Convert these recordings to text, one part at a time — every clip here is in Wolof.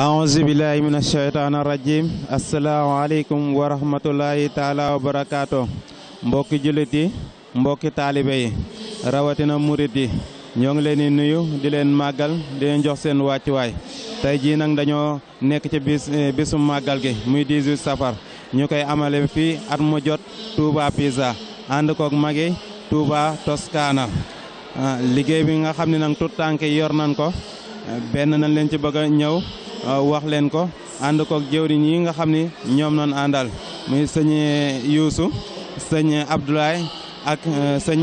aawuzu billaahi mina sheytaani rajiim asalaamaaleykum wa rahmatulahi taala wa barakaatu mbokki jullit yi mbokki taalibe yi rawatina murit yi ñoo ngi leen di nuyu di leen màggal di leen jox seen wàccuwaay tey jii nag dañoo nekk ci bis eh, màggal gi muy 18 safar ñu koy amale fii at mu jot Touba Pizza ànd koog magi Touba Toscana ah, liggéey bi nga xam ne nag tut tànk yor nañ ko benn nañ leen ci bëgg a ñëw wax leen ko ànd koog jëwriñ yi nga xam ni ñoom noon àndal muy sëñ Youssou sëñ Abdoulaye ak euh, sëñ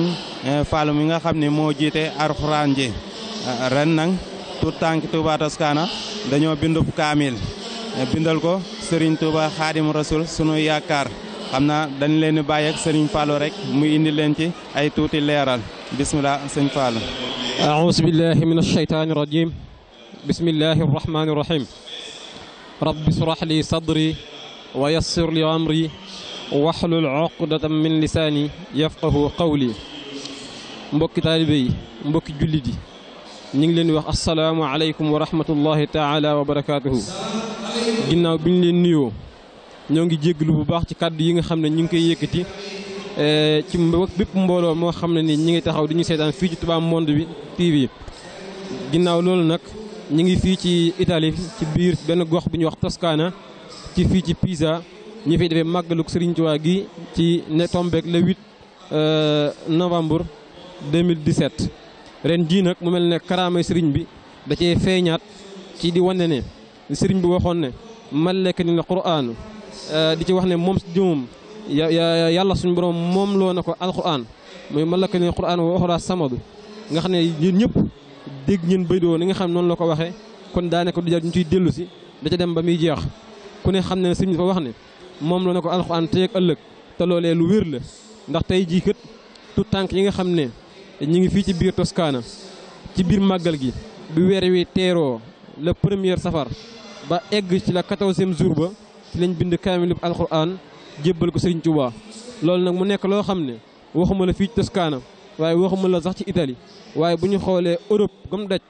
euh, Fallou mi nga xam ne moo jiite alxuraan ji euh, ren nag tout tànk Touba Toscana dañoo bindub kaamil bindal ko Serigne Touba Xaadim Rasul sunu yaakaar xam naa dañ leen di bàyyi ak rek mu indi leen ci ay tuuti leeral bisimilah sëñ Fallou. بسم الله الرحمن الرحيم رب اشرح لي صدري ويسر لي أمري واحلل عقدة من lisaani yafqahu qawli mbokki taalibe yi mbokki jullit yi ñu ngi leen di wax asalaamu aleykum wa rahmatullahi taala wa barakaatuhu ginnaaw bi ñu leen nuyoo ñoo ngi jégalu bu baax ci kàddu yi nga xam ne ñu ngi koy yëkkati ci bépp mbooloo moo xam ne ni ñi ngi taxaw di ñu seetaan fii ci Touba Monde bi TV ginnaaw loolu nag ñu ngi fii ci itali ci biir benn gox bu ñuy wax Toscana ci fii ci Pisa ñu fiy defee màggalug ci Touba gi ci ne tombeek le 8 euh, novembre 2017. ren jii nag mu mel ne karaamay Serigne bi da cee feeñaat ci di wane ne Serigne bi waxoon ne man lekk ni la Qur'an euh, di ci wax ne moom ya yàlla suñu borom moom loo na ko alquran muy man lekk ni la Qur'an waa waxuraa samadu nga xam ne ñun ñëpp. dégg ngeen baydoo ni nga xam noonu la ko waxee kon daanaka du jar ñu ciy dellu si da dem ba muy jeex ku ne xam ne sëñ bi fa wax ne moom la ne ko alxuraan tey ak ëllëg te loolee lu wér la ndax tey jii kët tout tànk yi nga xam ne ñu ngi fii ci biir Toscana ci biir màggal gi bi weer wi teeroo le premier safar ba egg ci la quatorzième jour ba ci lañ bind kaamilub alxuraan jébbal ko Sëriñ Tuubaa loolu nag mu nekk loo xam ne waxuma la fii ci Toscana waaye waxuma la sax ci itali waaye bu ñu xoolee Europe gam daj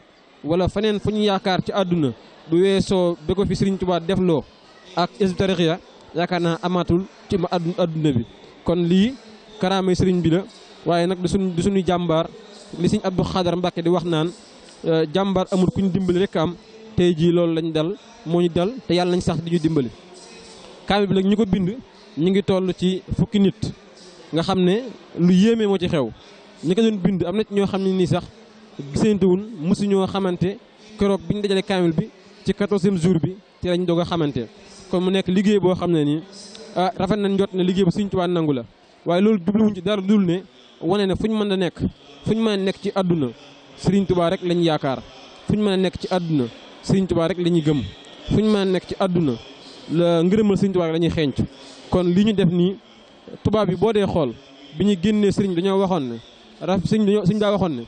wala feneen fu ñu yaakaar ci àdduna bu weesoo ba ko fi Serigne Touba defloo ak Hizbut Tarqiyyah yaakaar naa amaatul ci ma àdduna bi. kon lii karaamay sëriñ bi la waaye nag du suñu du jàmbaar li Serigne Abdou Khadar Mbacke di wax naan euh, jàmbaar amul kuñu dimbali rek am tey jii loolu lañ dal moo ñu dal te yàlla nañ sax di ñu dimbali. kaamil bi nag ñu ko bind ñu ngi toll ci fukki nit nga xam ne lu yéeme moo ci ñi ko doon bind am na ñoo xam ne nii sax gisantewul mosu ñoo xamante keroog bi ñu dajale kaamil bi ci quatorzième jour bi te lañ doog a xamante kon mu nekk liggéey boo xam ne nii ah rafet nañ jot ne liggéey bu Sëriñ Tuubaa nangu la waaye loolu jubluwuñ ci dara dul ne wane ne fu ñu mën a nekk fu ñu mën a nekk ci àdduna Sëriñ Tuubaa rek lañ yaakaar fu ñu mën a nekk ci àdduna Sëriñ Tuubaa rek la ñuy gëm fu ñu mën a nekk ci àdduna la ngërëmal Sëriñ Tuubaa t la ñuy xeeñc kon li ñu def nii tubaab bi boo dee xool bi ñu génnee sëriñ dañoo waxoon ne raf sëñ sëñ daa waxoon ne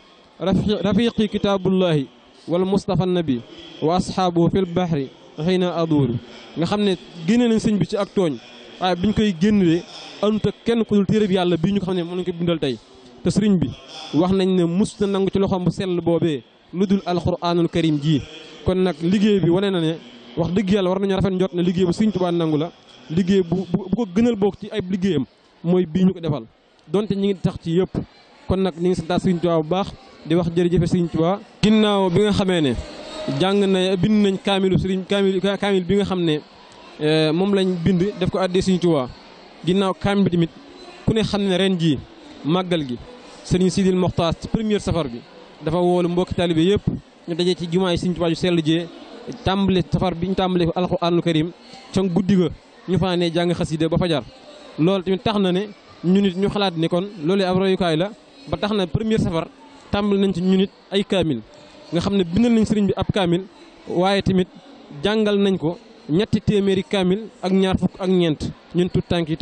rafiqi kitaabullahi wal mustafa nabi wa ashaabu bahri xiina aduuru nga xam ne génne nañ sëñ bi ci ak tooñ waaye biñ koy génnee anut ak kenn ku dul téereb yàlla bii ko xam ne moom bindal tey te sëriñ bi wax nañ ne mus na ci loxoom bu sell boobee lu alquranul karim jii kon nag liggéey bi wane na ne wax dëgg yàlla war nañu rafet njot ne liggéey bu sëriñ Tuubaa nangu liggéey bu ko gënal bokk ci ay liggéeyam mooy bii ko defal donte ñi ngi tax ci yëpp kon nag ñu ngi santaat Sëriñ Tuubaa bu baax di wax jërëjëf Sëriñ Tuubaa ginnaaw bi nga xamee ne jàng na bind nañ kaamilu Sëriñ kaamil kaamil bi nga xam ne euh, moom lañ bind def ko àddee Sëriñ Tuubaa ginnaaw kaamil bi tamit ku xam ne ren jii màggal gi Sëriñ Sidil Moxtaar ci première safar bi dafa woolu mbokki taalibe yëpp ñu dajee ci jumaay Sëriñ Tuubaa ju sell jee tàmbale safar bi ñu tàmbale ko alxuraanul karim ca guddi ga ñu fanaanee jàng xasida ba fajar loolu tamit tax na ne ñu nit ñu xalaat ni kon loolu ab royukaay la ba tax na première safar tàmbali nañ ci ñun it ay kaamil nga xam ne bindal nañ sëriñ bi ab kaamil waaye tamit jàngal nañ ko ñetti téeméeri kaamil ak ñaar fukk ak ñeent ñun tut tànk yi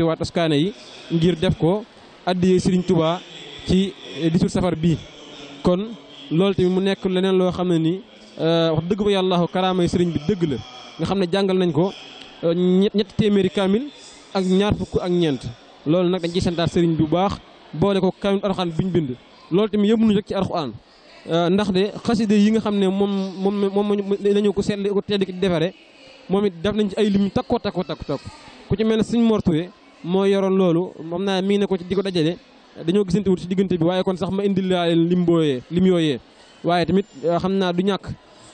yi ngir def ko addiyee sëriñ Touba ci 18 safar bii kon loolu tamit mu nekk leneen loo xam ne nii euh, wax dëgg fa yàllaahu karaamay sëriñ bi dëgg la nga xam ne jàngal nañ ko euh, ñetti téeméeri kaamil ak ñaar fukk ak ñeent loolu nag dañ ciy santaat sëriñ bu baax boole ko kamil arxaan bi ñu bind loolu tamit yëmuñu rek ci arxaan euh, ndax de xaside yi nga xam ne moom moom moom lañu ko seetlu ko teel di moom it def nañ ci ay lim takko takko takko takko ku ci mel ne suñ mortuwee moo yoroon loolu xam naa mii ne ko di ko dajale dañoo gisante ci diggante bi waaye kon sax ma indi laa leen lim booyee lim yooyee waaye tamit euh, xam naa du ñàkk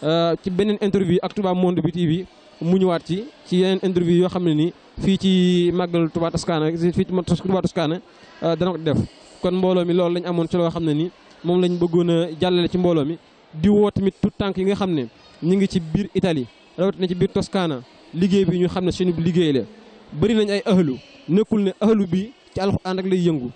euh, ci beneen interview ak Touba Monde bi TV mu ñëwaat ci ci yeneen interview yoo xam ne nii fii ci màggal Touba Toscana fii ci Touba Toscana euh, dana ko def kon mbooloo mi loolu lañ amoon ci loo xam ne nii moom lañ bëggoon a jàllale ci mbooloo mi di tamit tout tànk yi nga xam ne ñu ngi xam ne la bëri nañ ay ahlu nekkul ne bi ci alxuraan rek lay yëngu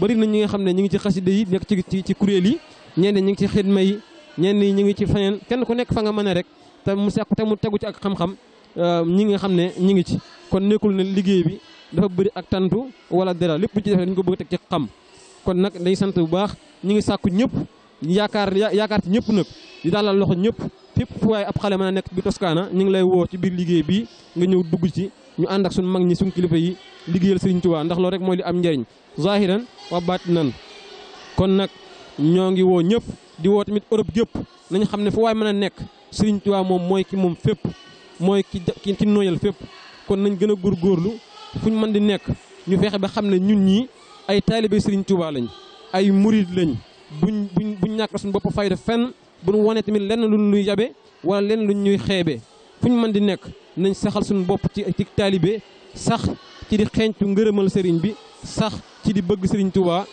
bëri nañ ñi nga xam ne ñu ngi ci xasida yi nekk ci ci kuréel yi ñenn ñi ngi ci xidma yi ñenn ñi ngi ci faneen kenn ku nekk fa nga mën a rek te mu seq te mu tegu ci ak xam-xam euh, ñi nga xam ne ñi ngi ci kon nekkul ne liggéey bi dafa bëri ak tantu wala dara lépp bu ci defee dañu ko bëgg a teg ci xam kon nag dañuy sant bu baax ñu ngi sàkku ñëpp yaakaar yaakaar ci ñëpp nag di dalal loxo ñëpp fépp fu waaye ab xale mën a nekk bi Toscana ñu ngi lay woo ci biir liggéey bii nga ñëw dugg ci ñu ànd ak suñu mag ñi suñu kilifa yi liggéeyal Sëriñ Tuubaa ndax loolu rek mooy li am njëriñ zahiran wa baat baatinan kon nag ñoo ngi woo ñëpp di woo tamit Europe gépp nañu xam ne fu waay mën a nekk Sëriñ Tuubaa moom mooy ki moom fépp mooy ki ki noyal fépp kon nañ gën a góorgóorlu fuñ mën di nekk ñu fexe ba xam ne ñun ñii ay taalibe Serigne Touba lañ ay murid lañ buñ buñ buñ ñàkk suñu bopp fayda fenn buñ wane tamit lenn luñ luy yabe wala lenn luñ ñuy xeebe ñu mën di nekk nañ saxal suñu bopp ci ci taalibe sax ci di xeeñtu ngërëmal sëriñ bi sax ci di bëgg Serigne Touba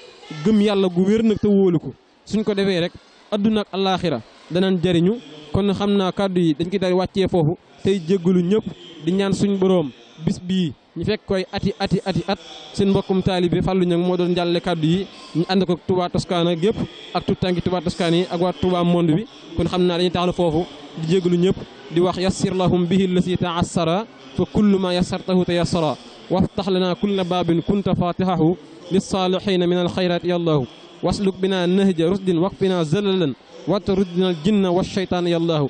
gëm yàlla gu wér nag te wóolu ko suñ ko defee rek àdduna ak alaaxira danañ jariñu kon xam naa kàddu yi dañ koy daal wàccee foofu tey jéggalu ñëpp. di ñaan suñ borom bis bi ñu fekk koy ati ati ati at seen mbokkum taalibe fallu ñu mo doon jalle kàddu yi ñu ànd ko tuba toskana gep ak tu tangi tuba toskani ak wa tuba monde bi kon xamna dañu taxlu fofu di jéglu ñëpp di wax yassir lahum bihi allati taassara fa kullu ma yassartahu tayassara waftah lana kulla babin kunta fatihahu lissaalihiina min alxayraati yallahu wasluk bina nahja rusdin waqfina zalalan wata ruddina aljinna walcheytaan yallahu